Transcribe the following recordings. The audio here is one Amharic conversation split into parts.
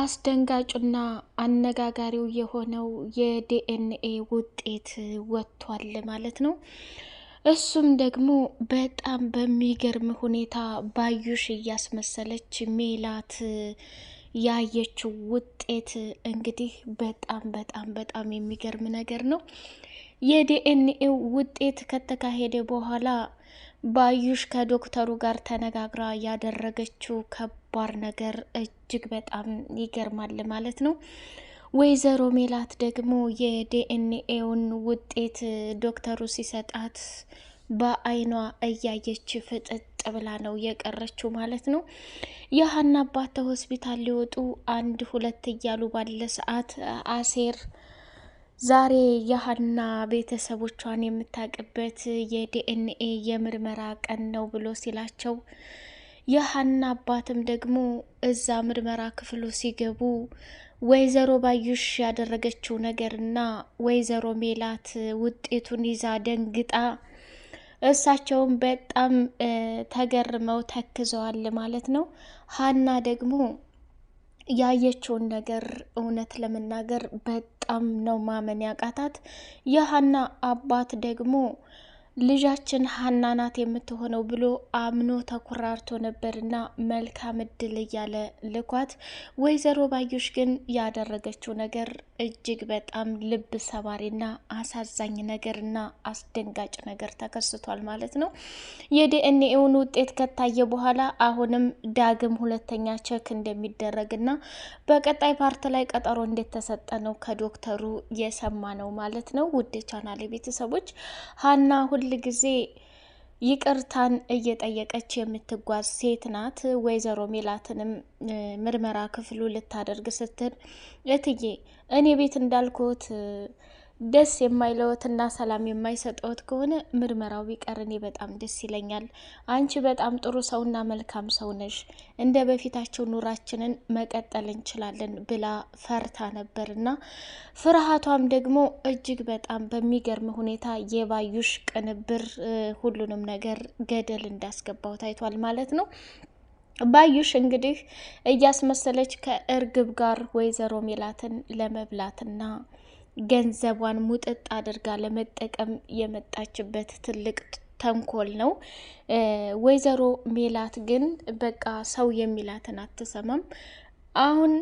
አስደንጋጩና አነጋጋሪው የሆነው የዲኤንኤ ውጤት ወጥቷል ማለት ነው። እሱም ደግሞ በጣም በሚገርም ሁኔታ ባዩሽ እያስመሰለች ሜላት ያየችው ውጤት እንግዲህ በጣም በጣም በጣም የሚገርም ነገር ነው። የዲኤንኤው ውጤት ከተካሄደ በኋላ ባዩሽ ከዶክተሩ ጋር ተነጋግራ ያደረገችው ከባድ ነገር እጅግ በጣም ይገርማል ማለት ነው። ወይዘሮ ሜላት ደግሞ የዲኤንኤውን ውጤት ዶክተሩ ሲሰጣት በአይኗ እያየች ፍጥጥ ብላ ነው የቀረችው ማለት ነው። የሀና አባት ሆስፒታል ሊወጡ አንድ ሁለት እያሉ ባለ ሰዓት አሴር ዛሬ የሀና ቤተሰቦቿን የምታውቅበት የዲኤንኤ የምርመራ ቀን ነው ብሎ ሲላቸው የሀና አባትም ደግሞ እዛ ምርመራ ክፍሉ ሲገቡ ወይዘሮ ባዩሽ ያደረገችው ነገርና ወይዘሮ ሜላት ውጤቱን ይዛ ደንግጣ እሳቸውም በጣም ተገርመው ተክዘዋል ማለት ነው። ሀና ደግሞ ያየችውን ነገር እውነት ለመናገር በጣም ነው ማመን ያቃታት። የሀና አባት ደግሞ ልጃችን ሀና ናት የምትሆነው ብሎ አምኖ ተኩራርቶ ነበርና መልካም እድል እያለ ልኳት። ወይዘሮ ባዩሽ ግን ያደረገችው ነገር እጅግ በጣም ልብ ሰባሪና አሳዛኝ ነገርና አስደንጋጭ ነገር ተከስቷል ማለት ነው። የዲኤንኤውን ውጤት ከታየ በኋላ አሁንም ዳግም ሁለተኛ ቸክ እንደሚደረግና በቀጣይ ፓርት ላይ ቀጠሮ እንደተሰጠ ነው ከዶክተሩ የሰማ ነው ማለት ነው። ውድ ቻናል ቤተሰቦች ሀና ሁል ጊዜ ይቅርታን እየጠየቀች የምትጓዝ ሴት ናት። ወይዘሮ ሜላትንም ምርመራ ክፍሉ ልታደርግ ስትል እትዬ እኔ ቤት እንዳልኩት ደስ የማይለወትና ሰላም የማይሰጠውት ከሆነ ምርመራው ቢቀር እኔ በጣም ደስ ይለኛል። አንቺ በጣም ጥሩ ሰውና መልካም ሰው ነሽ፣ እንደ በፊታቸው ኑራችንን መቀጠል እንችላለን ብላ ፈርታ ነበርና ፍርሃቷም ደግሞ እጅግ በጣም በሚገርም ሁኔታ የባዩሽ ቅንብር ሁሉንም ነገር ገደል እንዳስገባው ታይቷል ማለት ነው። ባዩሽ እንግዲህ እያስመሰለች ከእርግብ ጋር ወይዘሮ ሜላትን ለመብላትና ገንዘቧን ሙጥጥ አድርጋ ለመጠቀም የመጣችበት ትልቅ ተንኮል ነው። ወይዘሮ ሜላት ግን በቃ ሰው የሚላትን አትሰማም። አሁን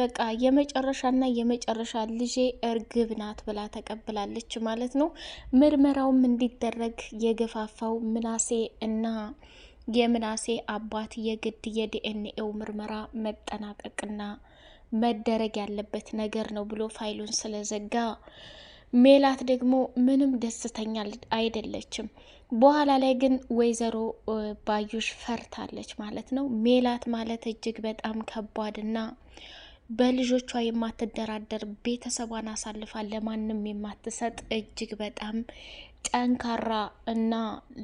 በቃ የመጨረሻና የመጨረሻ ልጄ እርግብ ናት ብላ ተቀብላለች ማለት ነው። ምርመራውም እንዲደረግ የገፋፋው ምናሴ እና የምናሴ አባት የግድ የዲኤንኤው ምርመራ መጠናቀቅና መደረግ ያለበት ነገር ነው ብሎ ፋይሉን ስለዘጋ ሜላት ደግሞ ምንም ደስተኛ አይደለችም። በኋላ ላይ ግን ወይዘሮ ባዩሽ ፈርታለች ማለት ነው። ሜላት ማለት እጅግ በጣም ከባድና በልጆቿ የማትደራደር ቤተሰቧን አሳልፋ ለማንም የማትሰጥ እጅግ በጣም ጠንካራ እና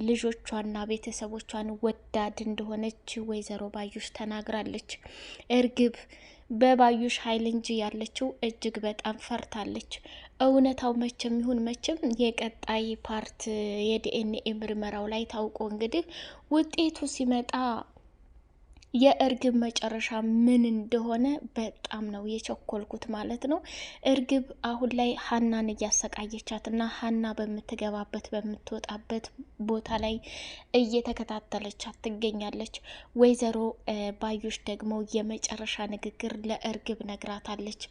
ልጆቿና ቤተሰቦቿን ወዳድ እንደሆነች ወይዘሮ ባዩሽ ተናግራለች። እርግብ በባዩሽ ኃይል እንጂ ያለችው እጅግ በጣም ፈርታለች። እውነታው መቼም ይሁን መቼም የቀጣይ ፓርት የዲኤንኤ ምርመራው ላይ ታውቆ እንግዲህ ውጤቱ ሲመጣ የእርግብ መጨረሻ ምን እንደሆነ በጣም ነው የቸኮልኩት ማለት ነው። እርግብ አሁን ላይ ሀናን እያሰቃየቻት እና ሀና በምትገባበት በምትወጣበት ቦታ ላይ እየተከታተለቻት ትገኛለች። ወይዘሮ ባዩሽ ደግሞ የመጨረሻ ንግግር ለእርግብ ነግራታለች።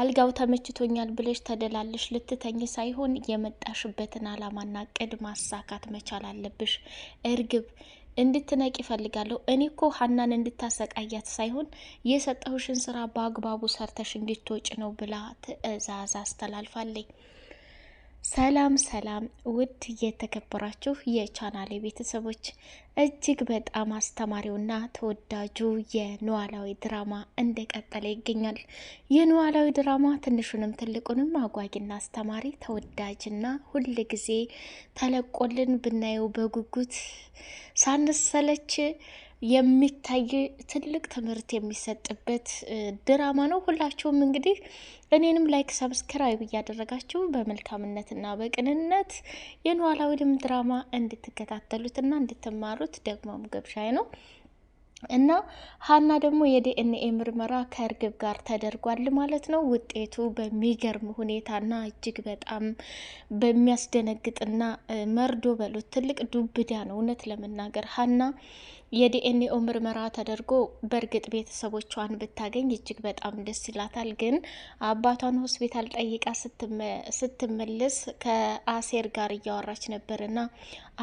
አልጋው ተመችቶኛል ብለሽ ተደላለሽ ልትተኝ ሳይሆን የመጣሽበትን አላማና ቅድ ማሳካት መቻል አለብሽ እርግብ እንድትነቅ ይፈልጋለሁ። እኔ እኮ ሀናን እንድታሰቃያት ሳይሆን የሰጠሁሽን ስራ በአግባቡ ሰርተሽ እንድትወጭ ነው ብላ ትዕዛዝ አስተላልፋለኝ። ሰላም ሰላም ውድ የተከበራችሁ የቻናሌ ቤተሰቦች እጅግ በጣም አስተማሪውና ተወዳጁ የኖላዊ ድራማ እንደቀጠለ ይገኛል። የኖላዊ ድራማ ትንሹንም ትልቁንም አጓጊና አስተማሪ ተወዳጅና ሁል ጊዜ ተለቆልን ብናየው በጉጉት ሳንሰለች የሚታይ ትልቅ ትምህርት የሚሰጥበት ድራማ ነው። ሁላችሁም እንግዲህ እኔንም ላይክ፣ ሰብስክራይብ እያደረጋችሁ በመልካምነትና በቅንነት የኖላዊንም ድራማ እንድትከታተሉትና እንድትማሩት ደግሞም ግብዣዬ ነው። እና ሀና ደግሞ የዲኤንኤ ምርመራ ከእርግብ ጋር ተደርጓል ማለት ነው። ውጤቱ በሚገርም ሁኔታና እጅግ በጣም በሚያስደነግጥና መርዶ በሉት ትልቅ ዱብዳ ነው። እውነት ለመናገር ሀና የዲኤንኤው ምርመራ ተደርጎ በእርግጥ ቤተሰቦቿን ብታገኝ እጅግ በጣም ደስ ይላታል። ግን አባቷን ሆስፒታል ጠይቃ ስትመልስ ከአሴር ጋር እያወራች ነበርና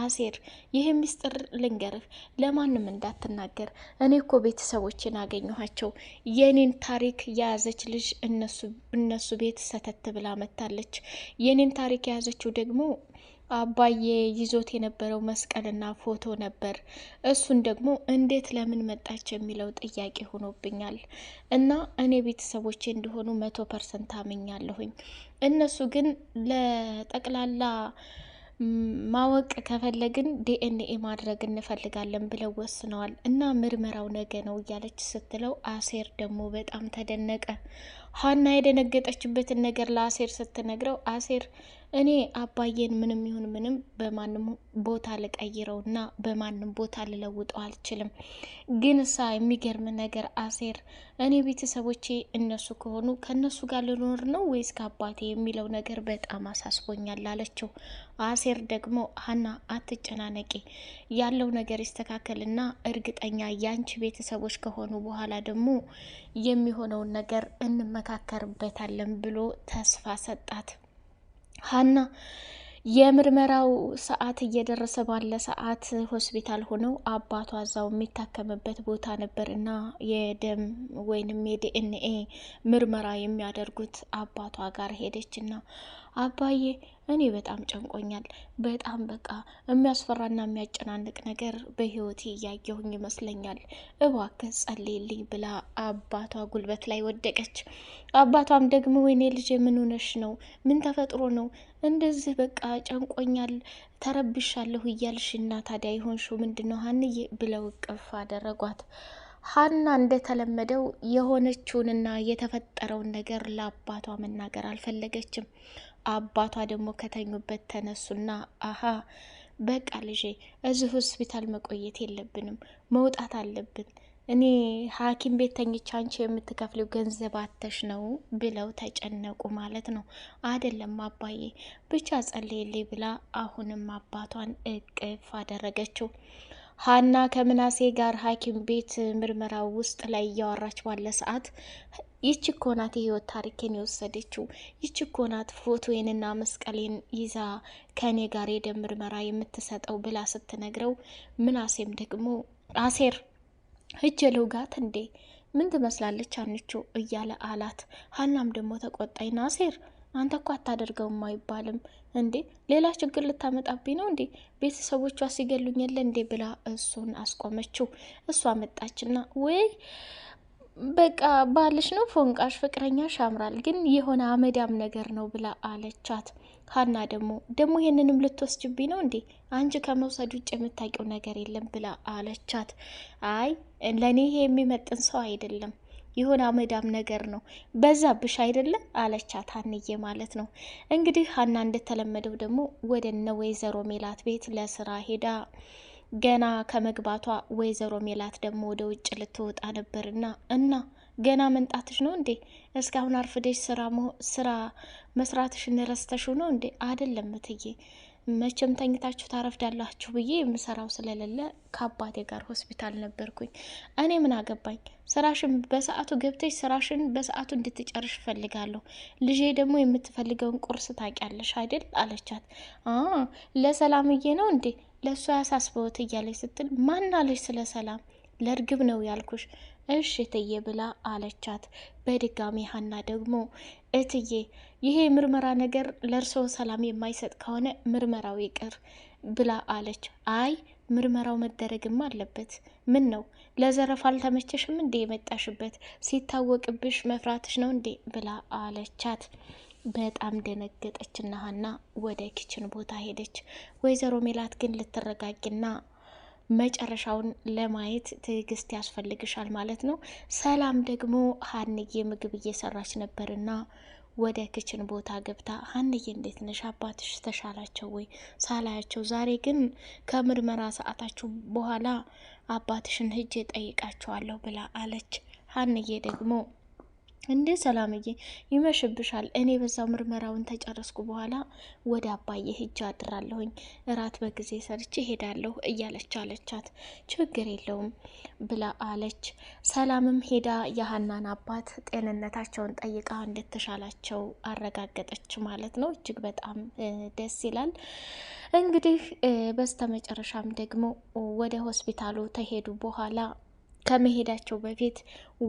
አሴር ይህ ምስጢር ልንገርህ፣ ለማንም እንዳትናገር። እኔ እኮ ቤተሰቦችን አገኘኋቸው። የኔን ታሪክ የያዘች ልጅ እነሱ ቤት ሰተት ብላ መታለች። የኔን ታሪክ የያዘችው ደግሞ አባዬ ይዞት የነበረው መስቀልና ፎቶ ነበር። እሱን ደግሞ እንዴት ለምን መጣች የሚለው ጥያቄ ሆኖብኛል እና እኔ ቤተሰቦቼ እንደሆኑ መቶ ፐርሰንት አምኛለሁኝ። እነሱ ግን ለጠቅላላ ማወቅ ከፈለግን ዲኤንኤ ማድረግ እንፈልጋለን ብለው ወስነዋል እና ምርመራው ነገ ነው እያለች ስትለው አሴር ደግሞ በጣም ተደነቀ። ሀና የደነገጠችበትን ነገር ለአሴር ስትነግረው አሴር እኔ አባዬን ምንም ይሁን ምንም በማንም ቦታ ልቀይረው እና በማንም ቦታ ልለውጠው አልችልም። ግን እሳ የሚገርም ነገር አሴር እኔ ቤተሰቦቼ እነሱ ከሆኑ ከእነሱ ጋር ልኖር ነው ወይስ ከአባቴ የሚለው ነገር በጣም አሳስቦኛል አለችው። አሴር ደግሞ ሀና አትጨናነቂ፣ ያለው ነገር ይስተካከልና እርግጠኛ ያንቺ ቤተሰቦች ከሆኑ በኋላ ደግሞ የሚሆነውን ነገር እንመ እንመካከርበታለን ብሎ ተስፋ ሰጣት። ሀና የምርመራው ሰዓት እየደረሰ ባለ ሰዓት ሆስፒታል ሆነው አባቷ እዛው የሚታከምበት ቦታ ነበር እና የደም ወይንም የዲኤንኤ ምርመራ የሚያደርጉት አባቷ ጋር ሄደች እና አባዬ እኔ በጣም ጨንቆኛል። በጣም በቃ የሚያስፈራና የሚያጨናንቅ ነገር በህይወቴ እያየሁኝ ይመስለኛል። እባክህ ጸልይልኝ ብላ አባቷ ጉልበት ላይ ወደቀች። አባቷም ደግሞ ወይኔ ልጅ ምን ሆነሽ ነው? ምን ተፈጥሮ ነው እንደዚህ በቃ ጨንቆኛል፣ ተረብሻለሁ እና ታዲያ የሆንሽው ምንድን ነው ሀንዬ? ብለው እቅፍ አደረጓት። ሀና እንደተለመደው የሆነችውንና የተፈጠረውን ነገር ለአባቷ መናገር አልፈለገችም። አባቷ ደግሞ ከተኙበት ተነሱና አሀ በቃ ልጄ እዚህ ሆስፒታል መቆየት የለብንም መውጣት አለብን። እኔ ሐኪም ቤት ተኝቼ አንቺ የምትከፍለው ገንዘብ አተሽ ነው ብለው ተጨነቁ ማለት ነው። አይደለም አባዬ ብቻ ጸልይልኝ ብላ አሁንም አባቷን እቅፍ አደረገችው። ሀና ከምናሴ ጋር ሐኪም ቤት ምርመራ ውስጥ ላይ እያወራች ባለ ሰዓት ይች እኮ ናት የህይወት ታሪኬን የወሰደችው። ይች እኮ ናት ፎቶዬንና መስቀሌን ይዛ ከእኔ ጋር የደም ምርመራ የምትሰጠው ብላ ስትነግረው ምናሴም ደግሞ አሴር እጀ ልውጋት እንዴ ምን ትመስላለች አንቹ እያለ አላት። ሀናም ደግሞ ተቆጣኝ ናሴር አንተ እኮ አታደርገውም አይባልም እንዴ ሌላ ችግር ልታመጣብኝ ነው እንዴ ቤተሰቦቿ ሲገሉኝ የለ እንዴ ብላ እሱን አስቆመችው። እሷ መጣችና ወይ በቃ ባልሽ ነው ፎንቃሽ፣ ፍቅረኛሽ አምራል ግን የሆነ አመዳም ነገር ነው ብላ አለቻት። ሀና ደግሞ ደግሞ ይህንንም ልትወስጅብኝ ነው እንዴ? አንቺ ከመውሰድ ውጭ የምታውቂው ነገር የለም ብላ አለቻት። አይ ለእኔ ይሄ የሚመጥን ሰው አይደለም፣ የሆነ አመዳም ነገር ነው በዛ ብሽ አይደለም አለቻት። ሀንዬ ማለት ነው እንግዲህ ሀና እንደተለመደው ደግሞ ወደ እነ ወይዘሮ ሜላት ቤት ለስራ ሄዳ ገና ከመግባቷ ወይዘሮ ሜላት ደግሞ ወደ ውጭ ልትወጣ ነበርና እና ገና መንጣትሽ ነው እንዴ? እስካሁን አርፍደሽ ስራ ስራ መስራትሽ ረስተሽው ነው እንዴ? አይደለም እትዬ፣ መቼም ተኝታችሁ ታረፍዳላችሁ ብዬ የምሰራው ስለሌለ ከአባቴ ጋር ሆስፒታል ነበርኩኝ። እኔ ምን አገባኝ? ስራሽን በሰዓቱ ገብተሽ ስራሽን በሰዓቱ እንድትጨርሽ እፈልጋለሁ። ልጄ ደግሞ የምትፈልገውን ቁርስ ታውቂያለሽ አይደል? አለቻት። ለሰላምዬ ነው እንዴ ለእሷ ያሳስበውት እያለች ስትል ማናለች ስለ ሰላም ለእርግብ ነው ያልኩሽ እሽ እትዬ ብላ አለቻት። በድጋሚ ሀና ደግሞ እትዬ ይሄ ምርመራ ነገር ለእርስዎ ሰላም የማይሰጥ ከሆነ ምርመራው ይቅር ብላ አለች። አይ ምርመራው መደረግም አለበት። ምን ነው ለዘረፍ አልተመቸሽም እንዴ የመጣሽበት? ሲታወቅብሽ መፍራትሽ ነው እንዴ ብላ አለቻት። በጣም ደነገጠች እና ሀና ወደ ኪችን ቦታ ሄደች። ወይዘሮ ሜላት ግን ልትረጋጊና መጨረሻውን ለማየት ትዕግስት ያስፈልግሻል ማለት ነው። ሰላም ደግሞ ሀንዬ ምግብ እየሰራች ነበርና ወደ ክችን ቦታ ገብታ ሀንዬ እንዴት ነሽ? አባትሽ ተሻላቸው ወይ? ሳላያቸው ዛሬ ግን ከምርመራ ሰዓታችሁ በኋላ አባትሽን ሂጄ ጠይቃቸዋለሁ ብላ አለች። ሀንዬ ደግሞ እንዴ ሰላምዬ፣ ይመሽብሻል። እኔ በዛው ምርመራውን ተጨረስኩ በኋላ ወደ አባዬ ሄጄ አድራለሁኝ። እራት በጊዜ ሰርቼ ሄዳለሁ እያለች አለቻት። ችግር የለውም ብላ አለች። ሰላምም ሄዳ የሀናን አባት ጤንነታቸውን ጠይቃ እንድትሻላቸው አረጋገጠች ማለት ነው። እጅግ በጣም ደስ ይላል። እንግዲህ በስተመጨረሻም ደግሞ ወደ ሆስፒታሉ ተሄዱ በኋላ ከመሄዳቸው በፊት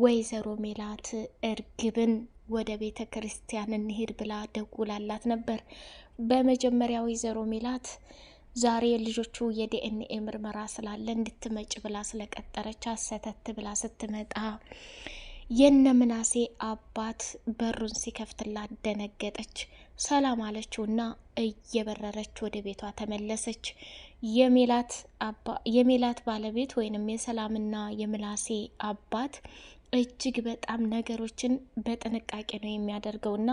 ወይዘሮ ሜላት እርግብን ወደ ቤተ ክርስቲያን እንሄድ ብላ ደውላላት ነበር። በመጀመሪያ ወይዘሮ ሜላት ዛሬ ልጆቹ የዲኤንኤ ምርመራ ስላለ እንድትመጭ ብላ ስለቀጠረች አሰተት ብላ ስትመጣ የነ ምናሴ አባት በሩን ሲከፍትላት ደነገጠች። ሰላም አለችውና እየበረረች ወደ ቤቷ ተመለሰች። የሜላት ባለቤት ወይንም የሰላምና የምላሴ አባት እጅግ በጣም ነገሮችን በጥንቃቄ ነው የሚያደርገው እና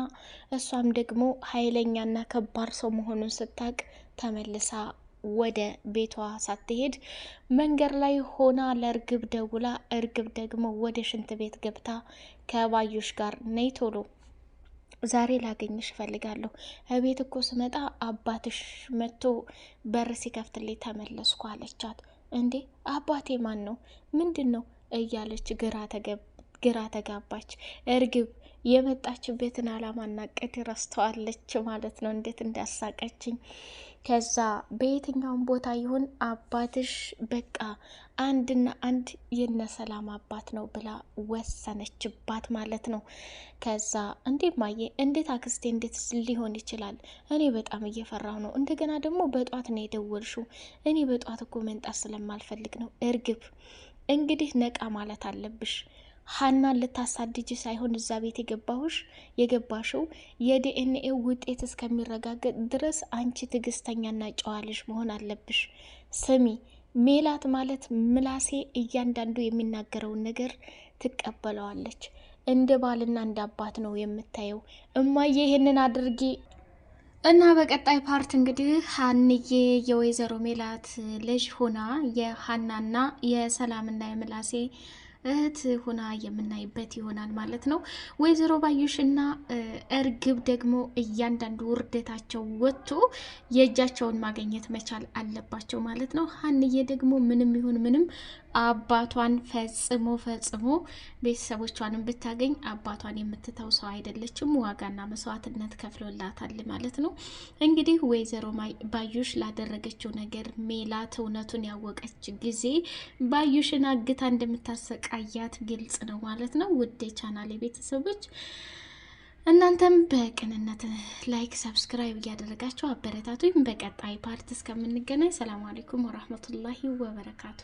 እሷም ደግሞ ኃይለኛና ከባድ ሰው መሆኑን ስታቅ ተመልሳ ወደ ቤቷ ሳትሄድ መንገድ ላይ ሆና ለእርግብ ደውላ እርግብ ደግሞ ወደ ሽንት ቤት ገብታ ከባዮሽ ጋር ነይ ቶሎ ዛሬ ላገኝሽ እፈልጋለሁ። እቤት እኮ ስመጣ አባትሽ መጥቶ በር ሲከፍትልኝ ተመለስኩ አለቻት። እንዴ አባቴ ማን ነው? ምንድን ነው? እያለች ግራ ተጋባች። እርግብ የመጣችበትን አላማና ቅድ ረስተዋለች ማለት ነው። እንዴት እንዳሳቀችኝ ከዛ በየትኛውም ቦታ ይሁን አባትሽ በቃ አንድና አንድ የነ ሰላም አባት ነው ብላ ወሰነችባት ማለት ነው። ከዛ እንዴ ማየ፣ እንዴት አክስቴ፣ እንዴት ሊሆን ይችላል? እኔ በጣም እየፈራሁ ነው። እንደገና ደግሞ በጧት ነው የደወልሽው። እኔ በጧት እኮ መንጣት ስለማልፈልግ ነው። እርግብ እንግዲህ ነቃ ማለት አለብሽ። ሀናን ልታሳድጅ ሳይሆን እዛ ቤት የገባሁሽ የገባሽው የዲኤንኤ ውጤት እስከሚረጋገጥ ድረስ አንቺ ትዕግስተኛና ጨዋልሽ መሆን አለብሽ። ስሚ ሜላት ማለት ምላሴ እያንዳንዱ የሚናገረውን ነገር ትቀበለዋለች። እንደ ባልና እንደ አባት ነው የምታየው። እማዬ ይህንን አድርጊ እና በቀጣይ ፓርት እንግዲህ ሀንዬ የወይዘሮ ሜላት ልጅ ሆና የሀናና የሰላምና የምላሴ እህት ሁና የምናይበት ይሆናል ማለት ነው። ወይዘሮ እና እርግብ ደግሞ እያንዳንዱ ውርደታቸው ወጥቶ የእጃቸውን ማግኘት መቻል አለባቸው ማለት ነው። ሀንዬ ደግሞ ምንም ይሁን ምንም አባቷን ፈጽሞ ፈጽሞ ቤተሰቦቿንም ብታገኝ አባቷን የምትተው ሰው አይደለችም። ዋጋና መስዋዕትነት ከፍሎላታል ማለት ነው። እንግዲህ ወይዘሮ ባዩሽ ላደረገችው ነገር ሜላት እውነቱን ያወቀች ጊዜ ባዩሽን አግታ እንደምታሰቃያት ግልጽ ነው ማለት ነው። ውድ የቻናሌ ቤተሰቦች እናንተም በቅንነት ላይክ፣ ሰብስክራይብ እያደረጋችሁ አበረታቱኝ። በቀጣይ ፓርት እስከምንገናኝ ሰላም አለይኩም ወራህመቱላሂ ወበረካቱ።